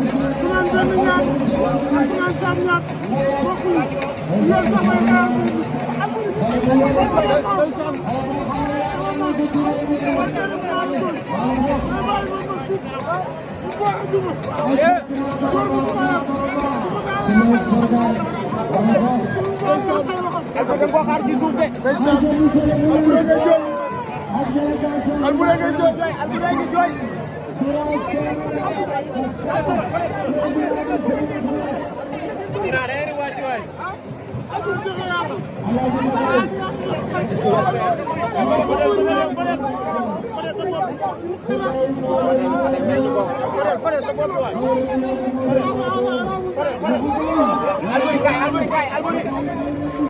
Ousmane benn ñaar Ousmane sam ñaar bokkul yéen sax may ñaar Albourega Ndiol Albourega Ndiol dina reer wàcc waay albury kay albury kay albury